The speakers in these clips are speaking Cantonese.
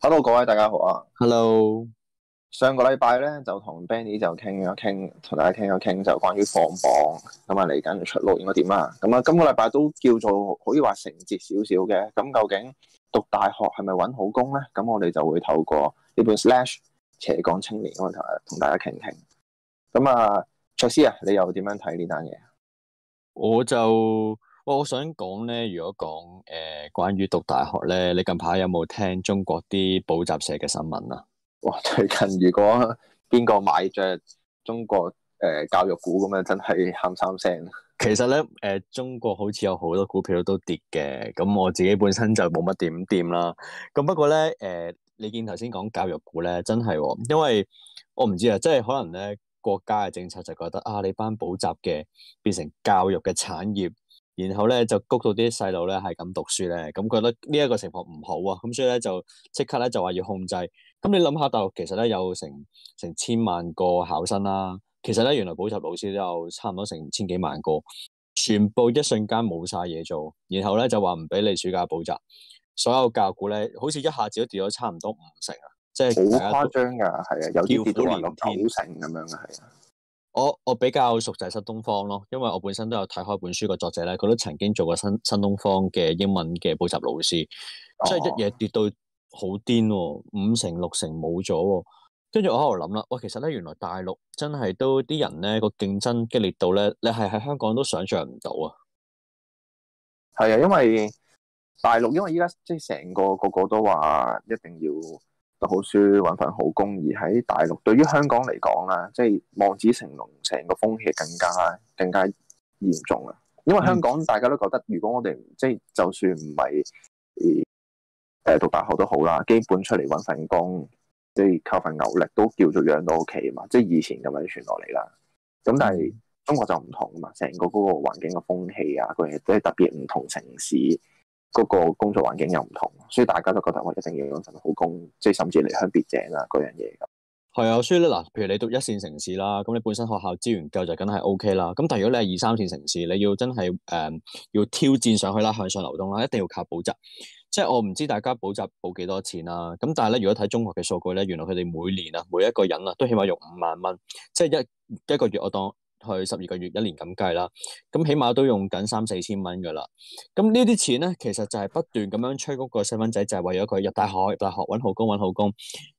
hello 各位大家好啊，hello，上個禮拜咧就同 Benny 就傾咗傾，同大家傾咗傾就關於放榜，咁啊嚟緊出路應該點啊，咁、嗯、啊今個禮拜都叫做可以話承接少少嘅，咁、嗯、究竟讀大學係咪搵好工咧？咁、嗯、我哋就會透過呢本 Slash 斜槓青年，咁啊同大家傾傾，咁、嗯、啊卓斯啊，你又點樣睇呢單嘢？我就。我想講咧，如果講誒、呃、關於讀大學咧，你近排有冇聽中國啲補習社嘅新聞啊？哇！最近如果邊個買着中國誒、呃、教育股咁啊，真係喊三聲。其實咧，誒、呃、中國好似有好多股票都跌嘅，咁我自己本身就冇乜點掂啦。咁不過咧，誒、呃、你見頭先講教育股咧，真係、哦，因為我唔知啊，即係可能咧國家嘅政策就覺得啊，你班補習嘅變成教育嘅產業。然後咧就谷到啲細路咧係咁讀書咧，咁覺得呢一個情況唔好啊，咁所以咧就即刻咧就話要控制。咁你諗下大陸其實咧有成成千萬個考生啦、啊，其實咧原來補習老師都有差唔多成千幾萬個，全部一瞬間冇晒嘢做，然後咧就話唔俾你暑假補習，所有教育股咧好似一下子都跌咗差唔多五成啊！即係好誇張㗎，係啊，有啲跌到連九成咁樣啊，係啊。我我比較熟就係新東方咯，因為我本身都有睇開本書個作者咧，佢都曾經做過新新東方嘅英文嘅補習老師，哦、即係一夜跌到好癲喎，五成六成冇咗喎，跟住我喺度諗啦，哇，其實咧原來大陸真係都啲人咧個競爭激烈度咧，你係喺香港都想象唔到啊。係啊，因為大陸因為依家即係成個個個都話一定要。讀好書，搵份好工，而喺大陸，對於香港嚟講咧，即係望子成龍成個風氣更加更加嚴重啊！因為香港大家都覺得，如果我哋即係就算唔係誒讀大學都好啦，基本出嚟搵份工，即係靠份牛力都叫做養到屋企啊嘛，即係以前咁樣傳落嚟啦。咁但係中國就唔同啊嘛，成個嗰個環境嘅風氣啊，佢即係特別唔同城市。嗰個工作環境又唔同，所以大家都覺得我一定要搵份好工，即係甚至嚟香別井離鄉別井啊嗰樣嘢。係啊，所以咧嗱，譬如你讀一線城市啦，咁你本身學校資源夠就梗係 OK 啦。咁但係如果你係二三線城市，你要真係誒要挑戰上去啦，向上流動啦，一定要靠補習。即係我唔知大家補習補幾多錢啦，咁但係咧，如果睇中學嘅數據咧，原來佢哋每年啊，每一個人啊，都起碼用五萬蚊，即係一一個月我當。去十二個月一年咁計啦，咁起碼都用緊三四千蚊噶啦。咁呢啲錢咧，其實就係不斷咁樣催嗰個細蚊仔，就係為咗佢入大學，入大學揾好工，揾好工，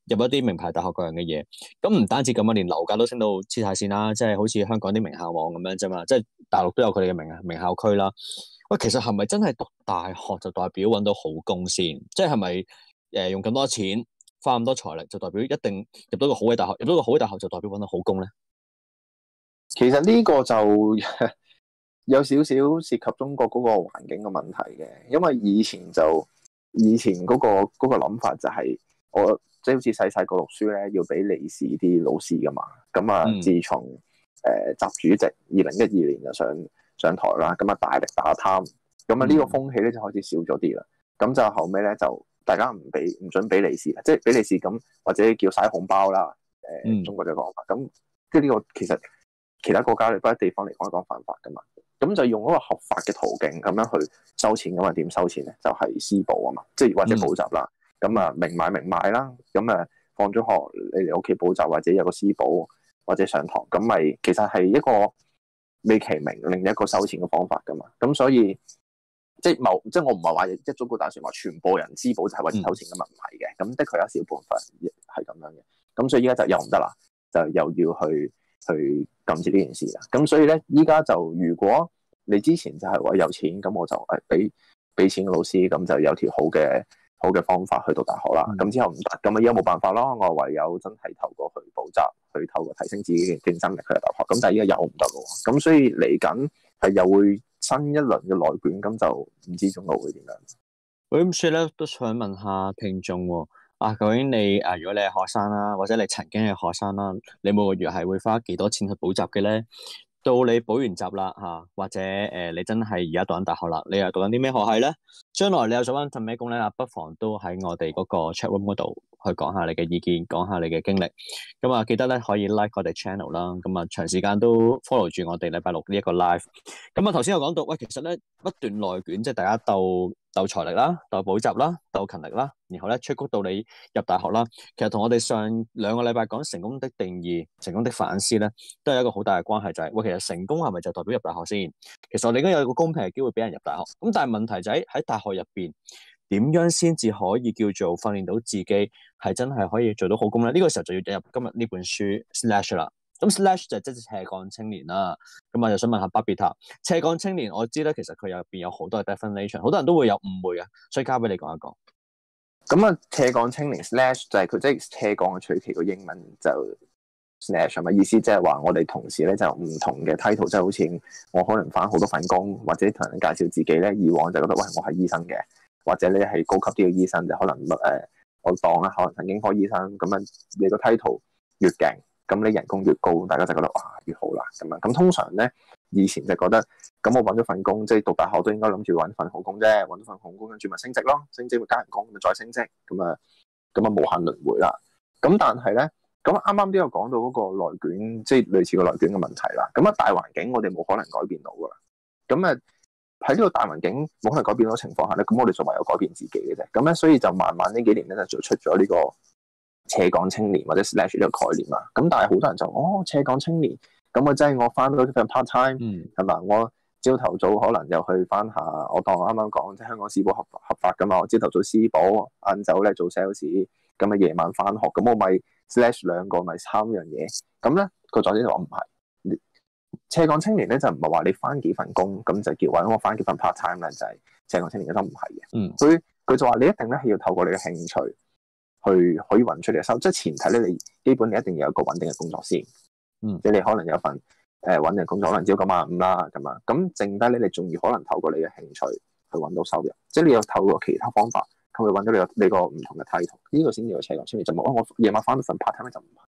入一啲名牌大學各樣嘅嘢。咁唔單止咁樣，連樓價都升到黐晒線啦，即係好似香港啲名校網咁樣啫嘛，即係大陸都有佢哋嘅名名校區啦。喂，其實係咪真係讀大學就代表揾到好工先？即係係咪誒用咁多錢花咁多財力，就代表一定入到一個好嘅大學，入到一個好嘅大學就代表揾到好工咧？其實呢個就有少少涉及中國嗰個環境嘅問題嘅，因為以前就以前嗰、那個嗰、那個諗法就係、是、我即係好似細細個讀書咧要俾利是啲老師噶嘛，咁啊自從誒習主席二零一二年就上上台啦，咁啊大力打貪，咁啊呢個風氣咧就開始少咗啲啦，咁、嗯、就後尾咧就大家唔俾唔准俾利是，即係俾利是咁或者叫使紅包啦，誒、呃、中國嘅講法，咁即係呢個其實。其他國家嚟，不一地方嚟講，一講犯法噶嘛。咁就用一個合法嘅途徑咁樣去收錢噶嘛。點收錢咧？就係、是、私補啊嘛，即係或者補習啦。咁啊、嗯，明買明賣啦。咁啊，放咗學你嚟屋企補習，或者有個私補，或者上堂，咁咪其實係一個美其名另一個收錢嘅方法噶嘛。咁所以即係某，即係我唔係話一早個打算説話，全部人私補就係為咗收錢噶嘛，唔係嘅。咁的，的確有小部分係咁樣嘅。咁所以依家就又唔得啦，就又要去。去禁止呢件事啊，咁所以咧，依家就如果你之前就係話有錢，咁我就誒俾俾錢嘅老師，咁就有條好嘅好嘅方法去到大學啦。咁之後唔得，咁啊依家冇辦法咯，我唯有真係透過去補習，去透過提升自己嘅競爭力去入大學。咁但係依家又唔得咯，咁所以嚟緊係又會新一輪嘅內卷，咁就唔知中國會點樣。我咁說咧，都想問下聽眾哦。啊，究竟你誒，如果你係學生啦、啊，或者你曾經係學生啦、啊，你每個月係會花幾多錢去補習嘅咧？到你補完習啦吓，或者誒、呃，你真係而家讀緊大學啦，你又讀緊啲咩學系咧？將來你又想搵份咩工咧？啊，不妨都喺我哋嗰個 chat room 嗰度去講下你嘅意見，講下你嘅經歷。咁、嗯、啊，記得咧可以 like 我哋 channel 啦。咁啊，長時間都 follow 住我哋禮拜六呢一個 live。咁、嗯、啊，頭先有講到，喂，其實咧不斷內卷，即係大家鬥。鬥財力啦，鬥補習啦，鬥勤力啦，然後咧，出谷到你入大學啦。其實同我哋上兩個禮拜講成功的定義、成功的反思咧，都係一個好大嘅關係、就是。就係喂，其實成功係咪就代表入大學先？其實我哋應該有一個公平嘅機會俾人入大學。咁但係問題就喺喺大學入邊，點樣先至可以叫做訓練到自己係真係可以做到好功好工咧？呢、這個時候就要引入今日呢本書 slash 啦。Sl 咁 slash 就即、是、係斜槓青年啦，咁我就想問下巴別塔斜槓青年，我知咧，其實佢入邊有好多 definition，好多人都會有誤會啊。所以交俾你講一講。咁啊，斜槓青年 slash 就係佢即係斜槓取其個英文就 slash 啊，意思即係話我哋同事咧就唔、是、同嘅 title，即係好似我可能返好多份工，或者同人介紹自己咧，以往就覺得喂，我係醫生嘅，或者你係高級啲嘅醫生，就可能乜誒、呃、我當啦，可能神經科醫生咁樣，你個 title 越勁。咁你人工越高，大家就覺得哇，越好啦咁樣。咁通常咧，以前就覺得咁我揾咗份工，即係讀大學都應該諗住揾份好工啫，揾咗份好工跟住咪升職咯，升職會加人工咁咪再升職，咁啊，咁啊無限輪迴啦。咁但係咧，咁啱啱都有講到嗰個內卷，即係類似個內卷嘅問題啦。咁啊大環境我哋冇可能改變到噶啦。咁啊喺呢個大環境冇可能改變到情況下咧，咁我哋就唯有改變自己嘅啫。咁咧，所以就慢慢呢幾年咧就做出咗呢個。斜槓青年或者 slash 呢個概念啊，咁但係好多人就哦斜槓青年，咁啊即係我翻多份 part time 係咪、嗯？我朝頭早可能又去翻下，我當我啱啱講即係香港私補合合法咁嘛，我朝頭早私補晏晝咧做 sales，咁、嗯、啊夜晚翻學，咁我咪 slash 兩個咪三樣嘢，咁咧個總之就話唔係斜槓青年咧就唔係話你翻幾份工咁就叫話我翻幾份 part time 咧，就係、是、斜槓青年嘅都唔係嘅。嗯，佢佢就話你一定咧係要透過你嘅興趣。去可以揾出嚟嘅收入，即係前提咧，你基本你一定要有一個穩定嘅工作先。嗯，即係你可能有一份誒穩定嘅工作，可能只有個萬五啦咁啊。咁剩低你你仲要可能透過你嘅興趣去揾到收入，即係你要透過其他方法去揾到你你個唔同嘅態度，呢、這個先至有斜槓。就冇啊，我夜晚翻到份 part time 就唔係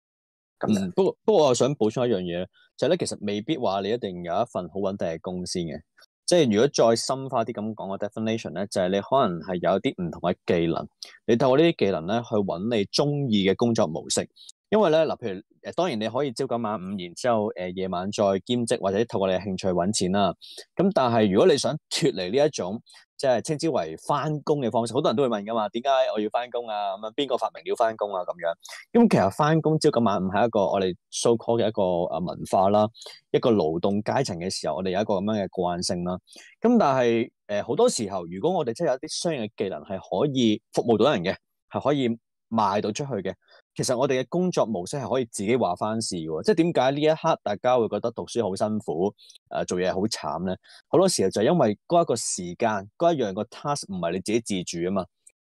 咁、嗯。不過不過我係想補充一樣嘢，就係、是、咧其實未必話你一定有一份好穩定嘅工先嘅。即係如果再深化啲咁講嘅 definition 咧，就係你可能係有啲唔同嘅技能，你透過呢啲技能咧去揾你中意嘅工作模式。因為咧，嗱，譬如誒，當然你可以朝九晚五，然之後誒、呃、夜晚再兼職或者透過你嘅興趣揾錢啦。咁但係如果你想脫離呢一種即係稱之為翻工嘅方式，好多人都會問噶嘛，點解我要翻工啊？咁樣邊個發明要翻工啊？咁樣咁、嗯、其實翻工朝九晚五係一個我哋 so call 嘅一個誒文化啦，一個勞動階層嘅時候，我哋有一個咁樣嘅慣性啦。咁、嗯、但係誒好多時候，如果我哋真係有啲商業嘅技能係可以服務到人嘅，係可以賣到出去嘅。其實我哋嘅工作模式係可以自己話翻事嘅，即係點解呢一刻大家會覺得讀書好辛苦，誒、呃、做嘢好慘咧？好多時候就係因為嗰一個時間，嗰一樣個 task 唔係你自己自主啊嘛。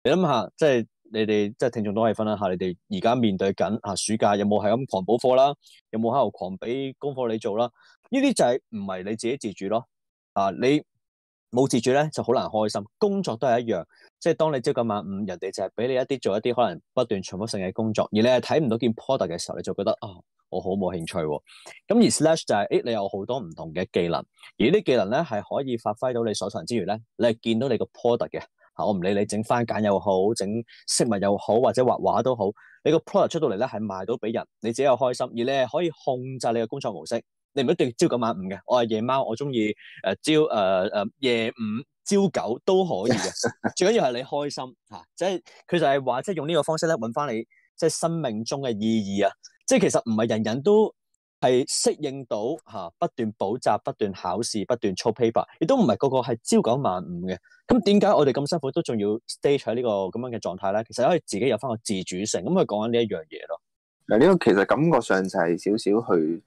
你諗下，即係你哋即係聽眾都可以分享下你哋而家面對緊嚇、啊、暑假有冇係咁狂補課啦？有冇喺度狂俾功課你做啦？呢啲就係唔係你自己自主咯？啊，你。冇自主咧就好難開心，工作都係一樣，即係當你朝九晚五，人哋就係俾你一啲做一啲可能不斷重複性嘅工作，而你係睇唔到件 product 嘅時候，你就覺得啊、哦，我好冇興趣喎、哦。咁而 slash 就係、是、誒，你有好多唔同嘅技能，而呢啲技能咧係可以發揮到你所長之餘咧，你係見到你個 product 嘅嚇，我唔理你整番梘又好，整飾物又好，或者畫畫都好，你個 product 出到嚟咧係賣到俾人，你自己又開心，而你係可以控制你嘅工作模式。你唔一定要朝九晚五嘅，我係夜貓，我中意誒朝誒誒、呃呃、夜五朝九都可以嘅。最緊要係你開心嚇、啊，即係佢就係話，即係用呢個方式咧揾翻你即係生命中嘅意義啊！即係其實唔係人人都係適應到嚇、啊，不斷補習、不斷考試、不斷操 paper，亦都唔係個個係朝九晚五嘅。咁點解我哋咁辛苦都仲要 stay 喺呢個咁樣嘅狀態咧？其實可以自己有翻個自主性，咁佢講緊呢一樣嘢咯。嗱，呢個其實感覺上就係少少去。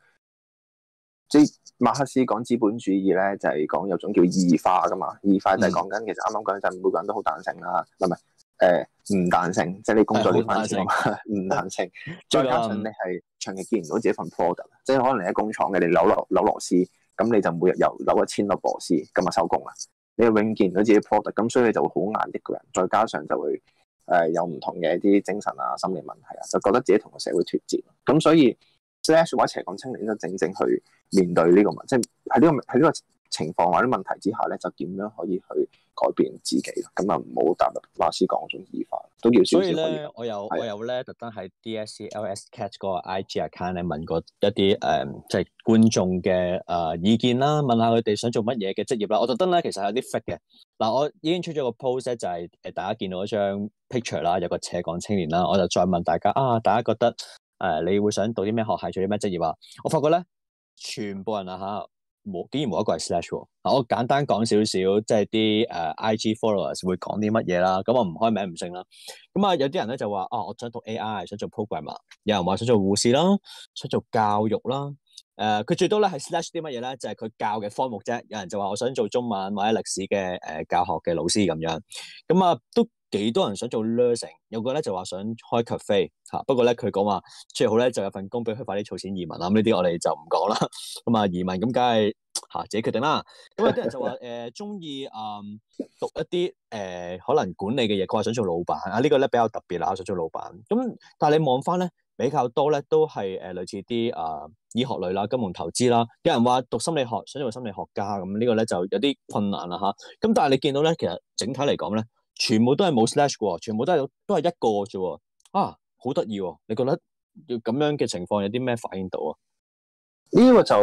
即係馬克思講資本主義咧，就係、是、講有種叫異化噶嘛。異化就係講緊，其實啱啱講嗰陣，剛剛每個人都好彈性啦，係咪、嗯？誒唔彈性，即係你工作呢份先唔彈性。再加上你係長期見唔到自己份 product，對、嗯、即係可能你喺工廠嘅，你扭落扭螺絲，咁你就每日又扭一千粒螺絲，今日收工啦，你永見唔到自己 product，咁所以你就會好壓抑個人。再加上就會誒、呃、有唔同嘅一啲精神啊、心理問題啊，就覺得自己同個社會脫節，咁所以。即係説話斜槓青年，真真正正去面對呢、這個問，即係喺呢個喺呢個情況或者問題之下咧，就點樣可以去改變自己？咁啊，唔好單單話説講種二法。都叫所以咧，我有是我有咧，有特登喺 DSCLS Catch 個 IG account 咧，問過一啲誒，即、呃、係、就是、觀眾嘅誒意見啦，問下佢哋想做乜嘢嘅職業啦。我覺得咧，其實有啲 fit 嘅。嗱，我已經出咗個 post 就係誒大家見到張 picture 啦，有個斜槓青年啦，我就再問大家啊，大家覺得？誒、啊，你會想到啲咩學系，做啲咩職業啊？我發覺咧，全部人啊吓，冇、啊、竟然冇一個係 slash。我簡單講少少，即係啲誒，IG followers 會講啲乜嘢啦。咁、啊、我唔開名唔姓啦。咁啊，有啲人咧就話啊，我想讀 AI，想做 programmer。有人話想做護士啦，想做教育啦。誒、啊，佢最多咧係 slash 啲乜嘢咧？就係、是、佢教嘅科目啫。有人就話我想做中文或者歷史嘅誒、啊、教學嘅老師咁樣。咁啊，都。幾多人想做 nursing？有個咧就話想開 cafe 嚇、啊，不過咧佢講話最好咧就有份工俾佢快啲儲錢移民啊。咁呢啲我哋就唔講啦，咁啊移民咁梗係嚇自己決定啦。咁有啲人就話誒中意誒讀一啲誒、呃、可能管理嘅嘢，佢話想做老闆啊。這個、呢個咧比較特別啦，想做老闆咁，但係你望翻咧比較多咧都係誒類似啲啊醫學類啦、金融投資啦、啊。有人話讀心理學想做心理學家，咁呢個咧就有啲困難啦嚇。咁、啊、但係你見到咧，其實整體嚟講咧。全部都係冇 slash 全部都係都係一個啫喎，啊，好得意喎！你覺得要咁樣嘅情況有啲咩反應到啊？呢個就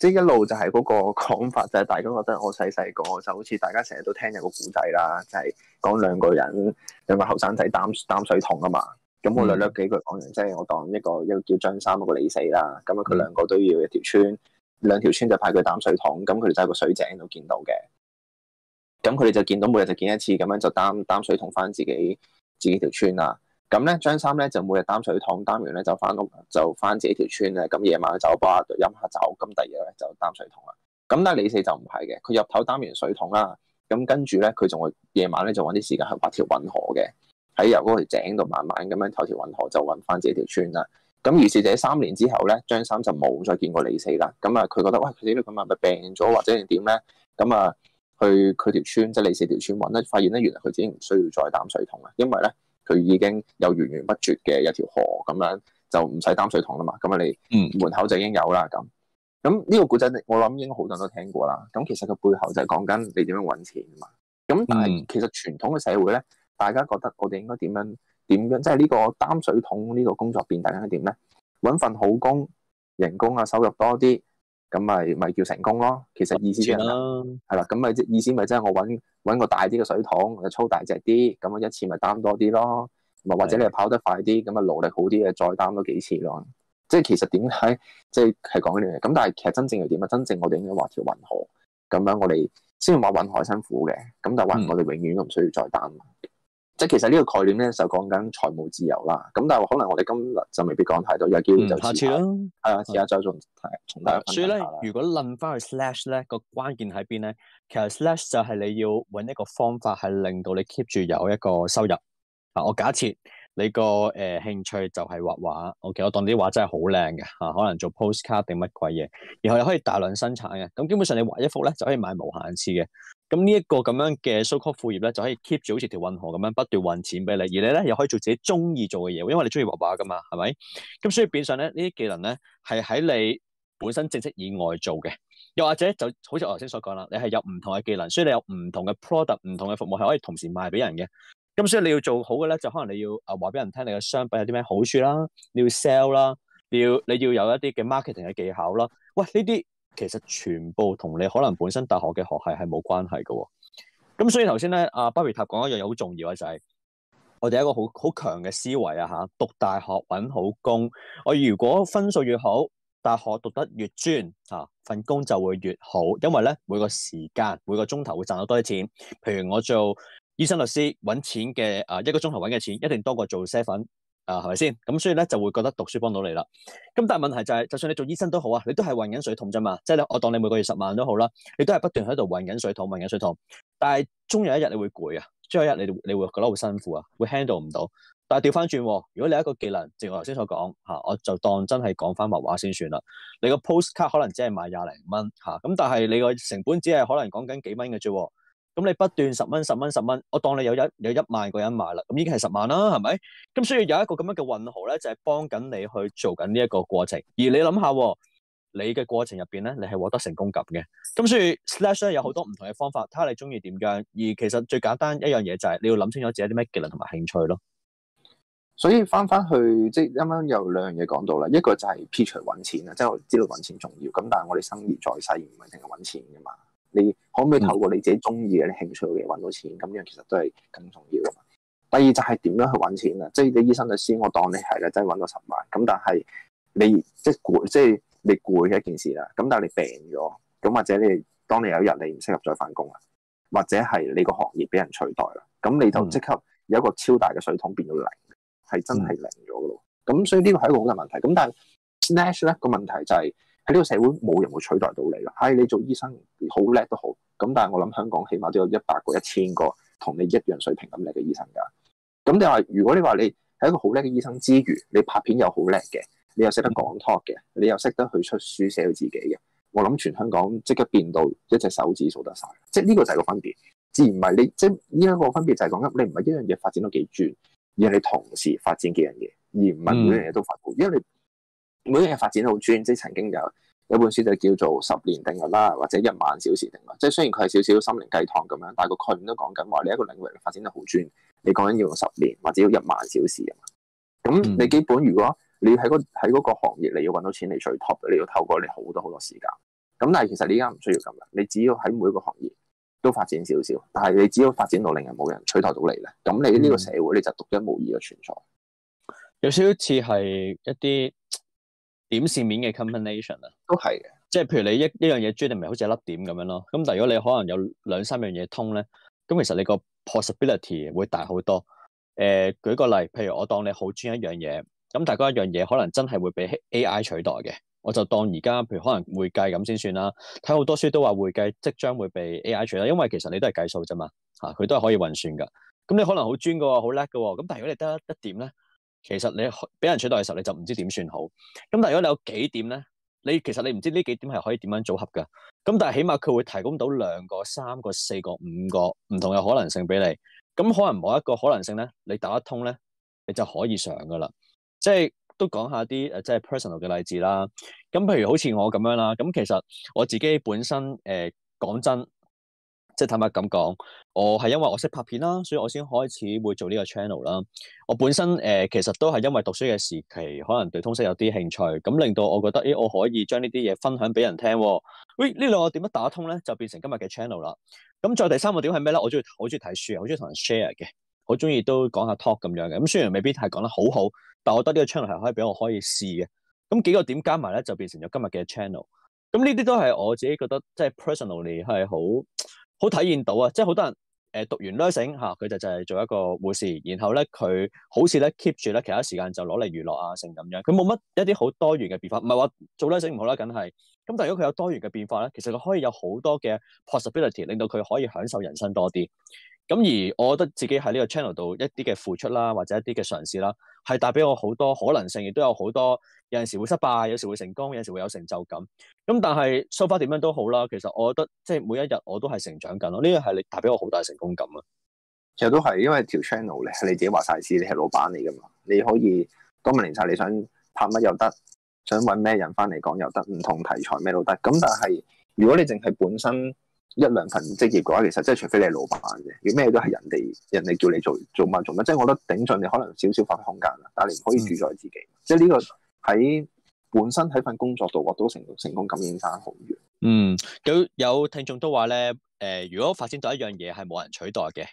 即係、就是、一路就係嗰個講法，就係、是、大家覺得我細細個就好似大家成日都聽有個古仔啦，就係、是、講兩個人兩個後生仔擔擔水桶啊嘛。咁我略略、嗯、幾句講完即係，就是、我當一個一個叫張三一個李四啦。咁啊，佢兩個都要一條村，嗯、兩條村就派佢擔水桶。咁佢就喺個水井度見到嘅。咁佢哋就見到每日就見一次，咁樣就擔擔水桶翻自己自己條村啦。咁咧，張三咧就每日擔水桶擔完咧就翻屋，就翻自己條村啦。咁夜晚去酒吧飲下酒，咁第二日咧就擔水桶啦。咁但係李四就唔係嘅，佢入頭擔完水桶啦，咁跟住咧佢仲會夜晚咧就揾啲時間去挖條運河嘅，喺由嗰條井度慢慢咁樣投條運河就揾翻自己條村啦。咁於是就喺三年之後咧，張三就冇再見過李四啦。咁啊，佢覺得喂死啦，咁啊咪病咗或者點咧？咁啊～去佢條村，即係你四條村揾咧，發現咧原來佢自己唔需要再擔水桶啦，因為咧佢已經有源源不絕嘅一條河咁樣，就唔使擔水桶啦嘛。咁啊，你門口就已經有啦。咁咁呢個古仔，我諗應該好多人都聽過啦。咁其實佢背後就係講緊你點樣揾錢啊嘛。咁但係其實傳統嘅社會咧，大家覺得我哋應該點樣點樣？即係呢個擔水桶呢個工作變大家係點咧？揾份好工，人工啊收入多啲。咁咪咪叫成功咯，其實意思即係啦，係啦，咁咪即意思咪即係我揾揾個大啲嘅水桶，我就操大隻啲，咁啊一次咪擔多啲咯，唔係或者你係跑得快啲，咁啊努力好啲嘅，再擔多幾次咯，即係其實點解？即係係講呢樣嘢，咁但係其實真正又點啊？真正我哋應該挖條運河，咁樣我哋先話運河辛苦嘅，咁但係運河我哋永遠都唔需要再擔。嗯即係其實呢個概念咧就講緊財務自由啦，咁但係可能我哋今日就未必講太多，有機會就遲下、嗯、下次啦。係啊，下次再同同大家分享、嗯、如果冧翻去 slash 咧，個關鍵喺邊咧？其實 slash 就係你要揾一個方法係令到你 keep 住有一個收入。嗱、啊，我假設。你個誒、呃、興趣就係畫畫，OK，我當啲畫真係好靚嘅吓，可能做 postcard 定乜鬼嘢，然後又可以大量生產嘅，咁基本上你畫一幅咧就可以買無限次嘅，咁呢一個咁樣嘅 so call 副業咧就可以 keep 住好似條運河咁樣不斷運錢俾你，而你咧又可以做自己中意做嘅嘢，因為你中意畫畫噶嘛，係咪？咁所以變相咧呢啲技能咧係喺你本身正式以外做嘅，又或者就好似我頭先所講啦，你係有唔同嘅技能，所以你有唔同嘅 product、唔同嘅服務係可以同時賣俾人嘅。咁所以你要做好嘅咧，就可能你要啊，話、呃、俾人聽你嘅商品有啲咩好處啦，你要 sell 啦，你要你要有一啲嘅 marketing 嘅技巧啦。喂，呢啲其實全部同你可能本身大學嘅學係係冇關係嘅、哦。咁所以頭先咧，阿、啊、Barbie 塔講一樣嘢好重要嘅就係、是，我哋一個好好強嘅思維啊吓，讀大學搵好工。我如果分數越好，大學讀得越專吓、啊，份工就會越好，因為咧每個時間每個鐘頭會賺到多啲錢。譬如我做。醫生、律師揾錢嘅啊，一個鐘頭揾嘅錢一定多過做 s e t 啊，係咪先？咁所以咧就會覺得讀書幫到你啦。咁但係問題就係、是，就算你做醫生都好啊，你都係運緊水桶啫嘛。即係咧，我當你每個月十萬都好啦，你都係不斷喺度運緊水桶，運緊水桶。但係終有一日你會攰啊，最後一日你你會覺得好辛苦啊，會 handle 唔到。但係調翻轉，如果你有一個技能，正如我頭先所講嚇，我就當真係講翻畫畫先算啦。你個 postcard 可能只係賣廿零蚊嚇，咁但係你個成本只係可能講緊幾蚊嘅啫。咁你不斷十蚊十蚊十蚊，我當你有一有一萬個人買啦，咁已經係十萬啦，係咪？咁所以有一個咁樣嘅運號咧，就係幫緊你去做緊呢一個過程。而你諗下、哦，你嘅過程入邊咧，你係獲得成功感嘅。咁所以 slash 咧有好多唔同嘅方法，睇下你中意點樣。而其實最簡單一樣嘢就係、是、你要諗清楚自己啲咩技能同埋興趣咯。所以翻翻去，即係啱啱有兩樣嘢講到啦，一個就係撇除搵錢啊，即係我知道搵錢重要。咁但係我哋生而在世，唔係淨係搵錢噶嘛。你可唔可以透過你自己中意嘅啲興趣嚟揾到錢？咁樣其實都係更重要啊。第二就係點樣去揾錢啊？即係你醫生律師，我當你係咧真係揾到十萬。咁但係你即攰，即係你攰嘅一件事啦。咁但係你病咗，咁或者你當你有一日你唔適合再返工啦，或者係你個行業俾人取代啦，咁你就即刻有一個超大嘅水桶變到零，係真係零咗咯。咁所以呢個係一個好大問題。咁但係 Slash 咧、那個問題就係、是。喺呢個社會冇人會取代到你咯。係、哎、你做醫生好叻都好，咁但係我諗香港起碼都有一百個、一千個同你一樣水平咁叻嘅醫生㗎。咁你話如果你話你係一個好叻嘅醫生之餘，你拍片又好叻嘅，你又識得講 talk 嘅，你又識得去出書寫到自己嘅，我諗全香港即刻變到一隻手指數得晒。即係呢個就係個分別，自然唔係你即係呢一個分別就係講緊，你唔係一樣嘢發展到幾轉，而係你同時發展幾樣嘢，而唔係每樣嘢都發佈，因為你。每一樣發展好專，即係曾經有一本書就叫做十年定律啦，或者一萬小時定律，即係雖然佢係少少心靈雞湯咁樣，但係個概念都講緊話你一個領域發展得好專，你講緊要用十年或者要一萬小時啊嘛。咁你基本如果你喺嗰喺嗰個行業，你要揾到錢嚟取托，你要透過你好多好多時間。咁但係其實你而家唔需要咁樣，你只要喺每一個行業都發展少少，但係你只要發展到令人冇人取代到你咧，咁你呢個社會你就獨一無二嘅存在。有少少似係一啲。點線面嘅 combination 啊，都係嘅，即係譬如你一呢樣嘢專，定係好似一粒點咁樣咯。咁但係如果你可能有兩三樣嘢通咧，咁其實你個 possibility 會大好多。誒、呃，舉個例，譬如我當你好專一樣嘢，咁但係嗰一樣嘢可能真係會被 AI 取代嘅。我就當而家譬如可能會計咁先算啦。睇好多書都話會計即將會被 AI 取代，因為其實你都係計數啫嘛，嚇、啊、佢都係可以運算㗎。咁你可能好專嘅喎，好叻嘅喎，咁但係如果你得一點咧？其實你俾人取代嘅時候，你就唔知點算好。咁但如果你有幾點咧，你其實你唔知呢幾點係可以點樣組合噶。咁但係起碼佢會提供到兩個、三個、四個、五個唔同嘅可能性俾你。咁可能某一個可能性咧，你打得通咧，你就可以上噶啦。即係都講下啲誒，即係 personal 嘅例子啦。咁譬如好似我咁樣啦，咁其實我自己本身誒，講真。即係坦白咁講，我係因為我識拍片啦，所以我先開始會做呢個 channel 啦。我本身誒、呃、其實都係因為讀書嘅時期，可能對通識有啲興趣，咁令到我覺得咦，我可以將呢啲嘢分享俾人聽喎。喂、哎，呢兩個點樣打通咧，就變成今日嘅 channel 啦。咁再第三個點係咩咧？我中意我中意睇書啊，好中意同人 share 嘅，好中意都講下 talk 咁樣嘅。咁雖然未必係講得好好，但我覺得呢個 channel 係可以俾我可以試嘅。咁幾個點加埋咧，就變成咗今日嘅 channel。咁呢啲都係我自己覺得即係 personally 係好。就是好體現到啊！即係好多人誒讀完 nursing 哈，佢就就係做一個護士，然後咧佢好似咧 keep 住咧其他時間就攞嚟娛樂啊，成咁樣，佢冇乜一啲好多元嘅變化，唔係話做 nursing 唔好啦、啊，梗係。咁但係如果佢有多元嘅變化咧，其實佢可以有好多嘅 possibility，令到佢可以享受人生多啲。咁而我覺得自己喺呢個 channel 度一啲嘅付出啦，或者一啲嘅嘗試啦，係帶俾我好多可能性，亦都有好多有陣時會失敗，有時會成功，有時會有成就感。咁但係 so far 點樣都好啦，其實我覺得即係每一日我都係成長緊咯。呢個係你帶俾我好大成功感咯。其實都係，因為條 channel 咧係你自己話晒事，你係老闆嚟噶嘛，你可以多問零差，你想拍乜又得，想揾咩人翻嚟講又得，唔同題材咩都得。咁但係如果你淨係本身，一兩份職業嘅話，其實即係除非你係老闆嘅，要咩都係人哋人哋叫你做做乜做乜，即係我覺得頂盡你可能少少發展空間啦，但係你唔可以主宰自己，嗯、即係呢個喺本身喺份工作度獲到成功成功感已經差好遠。嗯，有有聽眾都話咧，誒、呃，如果發展到一樣嘢係冇人取代嘅，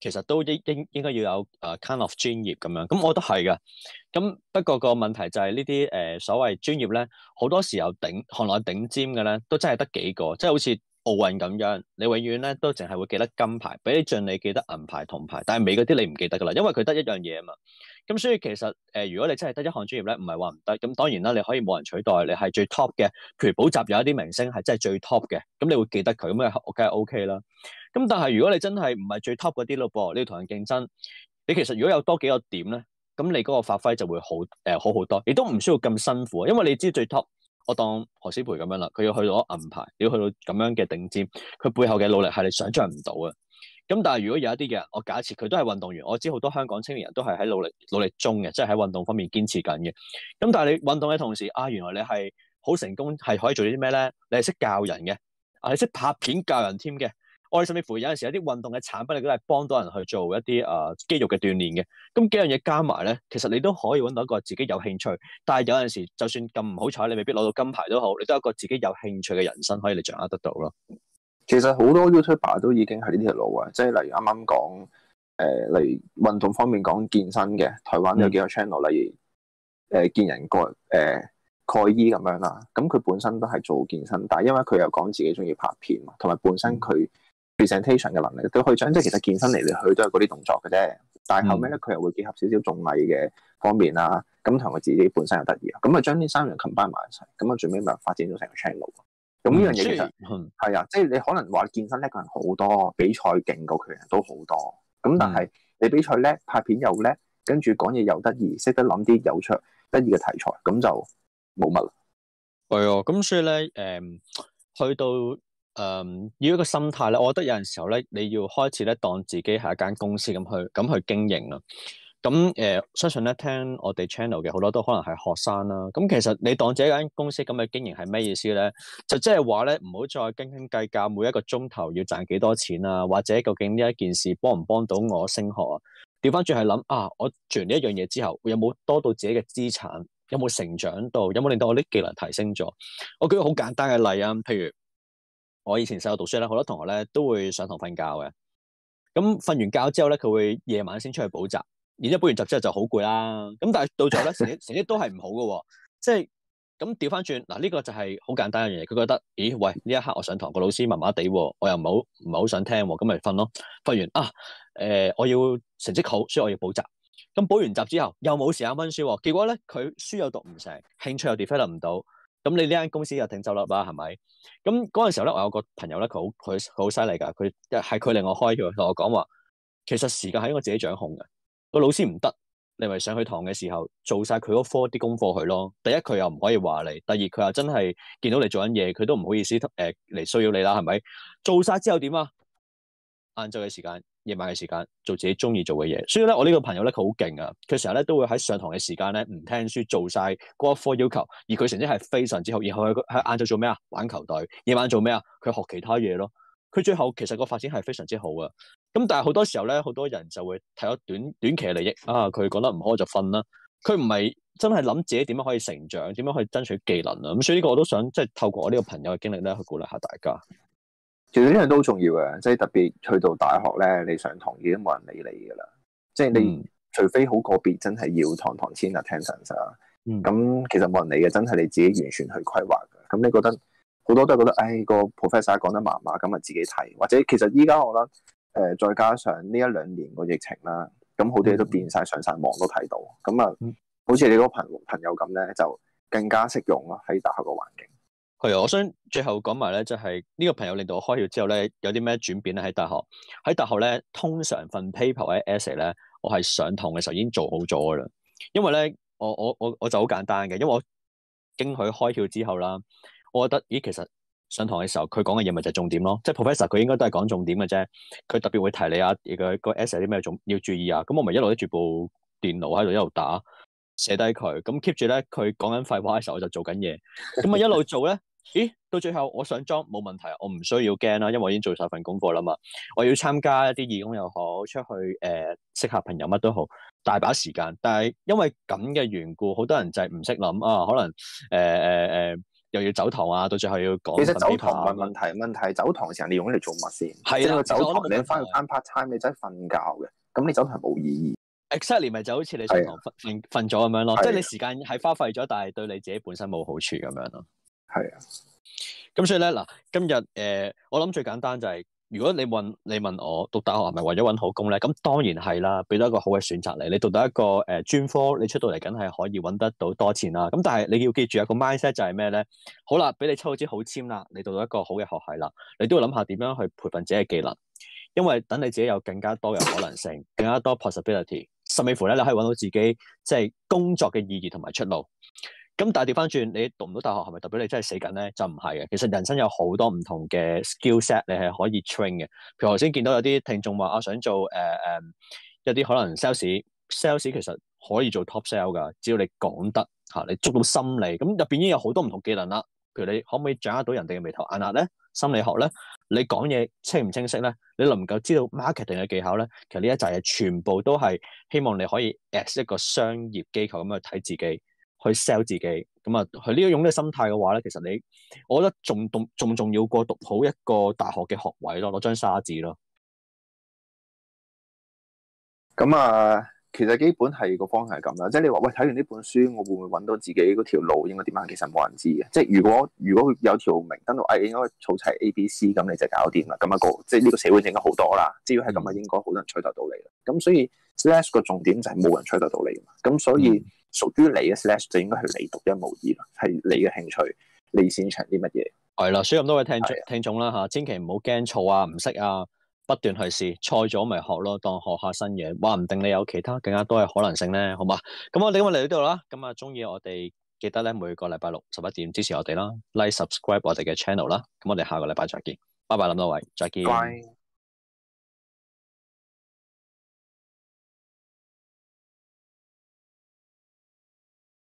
其實都應應應該要有誒 kind of 專業咁樣，咁、嗯、我覺得係噶。咁、嗯、不過個問題就係呢啲誒所謂專業咧，好多時候頂看來頂尖嘅咧，都真係得幾個，即、就、係、是、好似。奧運咁樣，你永遠咧都淨係會記得金牌，俾你盡你記得銀牌、銅牌，但係尾嗰啲你唔記得噶啦，因為佢得一樣嘢啊嘛。咁所以其實誒、呃，如果你真係得一項專業咧，唔係話唔得，咁當然啦，你可以冇人取代，你係最 top 嘅。譬如補習有一啲明星係真係最 top 嘅，咁你會記得佢，咁又梗係 OK 啦。咁但係如果你真係唔係最 top 嗰啲咯噃，你要同人競爭，你其實如果有多幾個點咧，咁你嗰個發揮就會好誒、呃、好好多，你都唔需要咁辛苦，因為你知道最 top。我當何詩蓓咁樣啦，佢要去到銀牌，要去到咁樣嘅頂尖，佢背後嘅努力係你想像唔到嘅。咁但係如果有一啲嘅人，我假設佢都係運動員，我知好多香港青年人都係喺努力努力中嘅，即係喺運動方面堅持緊嘅。咁但係你運動嘅同時，啊原來你係好成功，係可以做啲咩咧？你係識教人嘅，啊你識拍片教人添嘅。我哋甚至乎有陣時有啲運動嘅產品，你都係幫到人去做一啲誒、呃、肌肉嘅鍛煉嘅。咁幾樣嘢加埋咧，其實你都可以搵到一個自己有興趣。但係有陣時，就算咁唔好彩，你未必攞到金牌都好，你都有一個自己有興趣嘅人生可以你掌握得到咯。其實好多 YouTuber 都已經係呢條路啊，即係例如啱啱講誒、呃，例如運動方面講健身嘅，台灣有幾個 channel、嗯、例如誒健、呃、人、呃、蓋誒蓋伊咁樣啦。咁佢本身都係做健身，但係因為佢又講自己中意拍片，同埋本身佢。嗯 presentation 嘅能力都可以將，即係其實健身嚟嚟去都係嗰啲動作嘅啫，但係後尾咧佢又會結合少少綜藝嘅方面啦、啊，咁同佢自己本身又得意啊，咁啊將呢三樣 combine 埋一齊，咁啊最尾咪發展到成個 channel。咁呢樣嘢其實係、嗯、啊，即係你可能話健身叻嘅人好多，比賽勁過佢人都好多，咁但係你比賽叻拍片又叻，跟住講嘢又得意，識得諗啲有趣得意嘅題材，咁就冇乜係啊，咁、哦、所以咧誒、嗯，去到。誒要、um, 一個心態咧，我覺得有陣時候咧，你要開始咧當自己係一間公司咁去咁去經營啦、啊。咁、嗯、誒，相信咧聽我哋 channel 嘅好多都可能係學生啦、啊。咁、嗯、其實你當自己間公司咁去經營係咩意思咧？就即係話咧，唔好再斤斤計較每一個鐘頭要賺幾多錢啊，或者究竟呢一件事幫唔幫到我升學啊？調翻轉係諗啊，我做完呢一樣嘢之後，有冇多到自己嘅資產？有冇成長到？有冇令到我啲技能提升咗？我舉個好簡單嘅例啊，譬如。我以前細個讀書咧，好多同學咧都會上堂瞓覺嘅。咁瞓完覺之後咧，佢會夜晚先出去補習，然之後補完習之後就好攰啦。咁但係到咗咧成績，成績都係唔好嘅喎、哦。即係咁調翻轉嗱，呢、這個就係好簡單嘅嘢。佢覺得咦喂，呢一刻我上堂個老師麻麻地喎，我又唔好唔係好想聽喎、哦，咁咪瞓咯。瞓完啊，誒、呃、我要成績好，所以我要補習。咁補完習之後又冇時間温書、哦，結果咧佢書又讀唔成，興趣又 develop 唔到。咁你呢間公司又挺走立啦，係咪？咁嗰陣時候咧，我有個朋友咧，佢好佢好犀利㗎，佢係佢令我開咗，同我講話，其實時間喺我自己掌控嘅，個老師唔得，你咪上去堂嘅時候做晒佢嗰科啲功課去咯。第一佢又唔可以話你，第二佢又真係見到你做緊嘢，佢都唔好意思誒嚟需要你啦，係咪？做晒之後點啊？晏晝嘅時間。夜晚嘅時間做自己中意做嘅嘢，所以咧我呢個朋友咧佢好勁啊！佢成日咧都會喺上堂嘅時間咧唔聽書，做晒嗰一科要求，而佢成績係非常之好。然後喺喺晏晝做咩啊？玩球隊，夜晚做咩啊？佢學其他嘢咯。佢最後其實個發展係非常之好啊！咁但係好多時候咧，好多人就會睇咗短短期嘅利益啊，佢覺得唔開就瞓啦。佢唔係真係諗自己點樣可以成長，點樣可以爭取技能啊！咁所以呢個我都想即係、就是、透過我呢個朋友嘅經歷咧去鼓勵下大家。其實呢樣都重要嘅，即係特別去到大學咧，你上堂已經冇人理你噶啦，嗯、即係你除非好個別真係要堂堂簽啊 attendance 咁，其實冇人理嘅，真係你自己完全去規劃嘅。咁你覺得好多都係覺得，唉、哎，個 professor 講得麻麻咁啊，自己睇或者其實依家我覺得誒、呃，再加上呢一兩年個疫情啦，咁好多嘢都變晒，上晒網都睇到，咁啊、嗯，嗯、好似你個朋朋友咁咧，就更加適用咯喺大學個環境。係啊，我想最後講埋咧，就係呢個朋友令到我開竅之後咧，有啲咩轉變咧？喺大學，喺大學咧，通常份 paper 或者 essay 咧，我係上堂嘅時候已經做好咗噶啦。因為咧，我我我我就好簡單嘅，因為我經佢開竅之後啦，我覺得咦，其實上堂嘅時候佢講嘅嘢咪就係重點咯，即係 professor 佢應該都係講重點嘅啫。佢特別會提你啊，個個 essay 啲咩重要注意啊。咁我咪一路喺住部電腦喺度一路打寫低佢，咁 keep 住咧，佢講緊廢話嘅時候我就做緊嘢，咁啊一路做咧。咦，到最後我上莊冇問題，我唔需要驚啦，因為我已經做晒份功課啦嘛。我要參加一啲義工又好，出去誒識下朋友乜都好，大把時間。但係因為咁嘅緣故，好多人就係唔識諗啊。可能誒誒誒，又要走堂啊，到最後要講。其實走堂唔問題，問題走堂嘅時候你用嚟做乜先？係啊，走堂你翻去 part time，你真係瞓覺嘅，咁你走堂冇意義。exactly 咪就好似你上堂瞓瞓咗咁樣咯，即係你時間係花費咗，但係對你自己本身冇好處咁樣咯。係啊，咁所以咧，嗱，今日誒、呃，我諗最簡單就係、是，如果你問你問我讀大學係咪為咗搵好工咧，咁當然係啦，俾到一個好嘅選擇嚟。你讀到一個誒專、呃、科，你出到嚟梗係可以搵得到多錢啦。咁但係你要記住一個 mindset 就係咩咧？好啦，俾你抽到支好簽啦，你讀到一個好嘅學系啦，你都要諗下點樣去培訓自己嘅技能，因為等你自己有更加多嘅可能性，更加多 possibility，甚至乎咧你可以搵到自己即係、就是、工作嘅意義同埋出路。咁但係掉翻轉，你讀唔到大學，係咪代表你真係死緊咧？就唔係嘅。其實人生有好多唔同嘅 skill set，你係可以 train 嘅。譬如頭先見到有啲聽眾話我想做誒誒，一、呃、啲、呃、可能 sales，sales 其實可以做 top sale 噶，只要你講得吓、啊，你捉到心理。咁入邊已經有好多唔同技能啦。譬如你可唔可以掌握到人哋嘅眉頭眼額咧？心理學咧，你講嘢清唔清晰咧？你能夠知道 marketing 嘅技巧咧？其實呢一紮嘢全部都係希望你可以 as 一個商業機構咁去睇自己。去 sell 自己咁啊！佢呢一種嘅心態嘅話咧，其實你我覺得仲讀仲重要過讀好一個大學嘅學位咯，攞張沙紙咯。咁啊！其實基本係個方向係咁啦，即係你話喂睇完呢本書，我會唔會揾到自己嗰條路應該點樣？其實冇人知嘅。即係如果如果佢有條明燈，等到哎應該儲齊 A、B、C，咁你就搞掂啦。咁啊個即係呢個社會應該好多啦，只要係咁啊，應該好多人取代到你啦。咁所以 Slash 個重點就係冇人取代到你嘛。咁所以，嗯，屬於你嘅 Slash 就應該係你獨一無二咯，係你嘅興趣，你擅長啲乜嘢？係啦，所以咁多位聽聽眾啦嚇，千祈唔好驚錯啊，唔識啊。不斷去試，錯咗咪學咯，當學下新嘢，話唔定你有其他更加多嘅可能性咧，好嘛？咁我哋今日嚟到呢度啦，咁啊中意我哋記得咧，每個禮拜六十一點支持我哋啦，like subscribe 我哋嘅 channel 啦，咁我哋下個禮拜再見，拜拜，諗多位再見。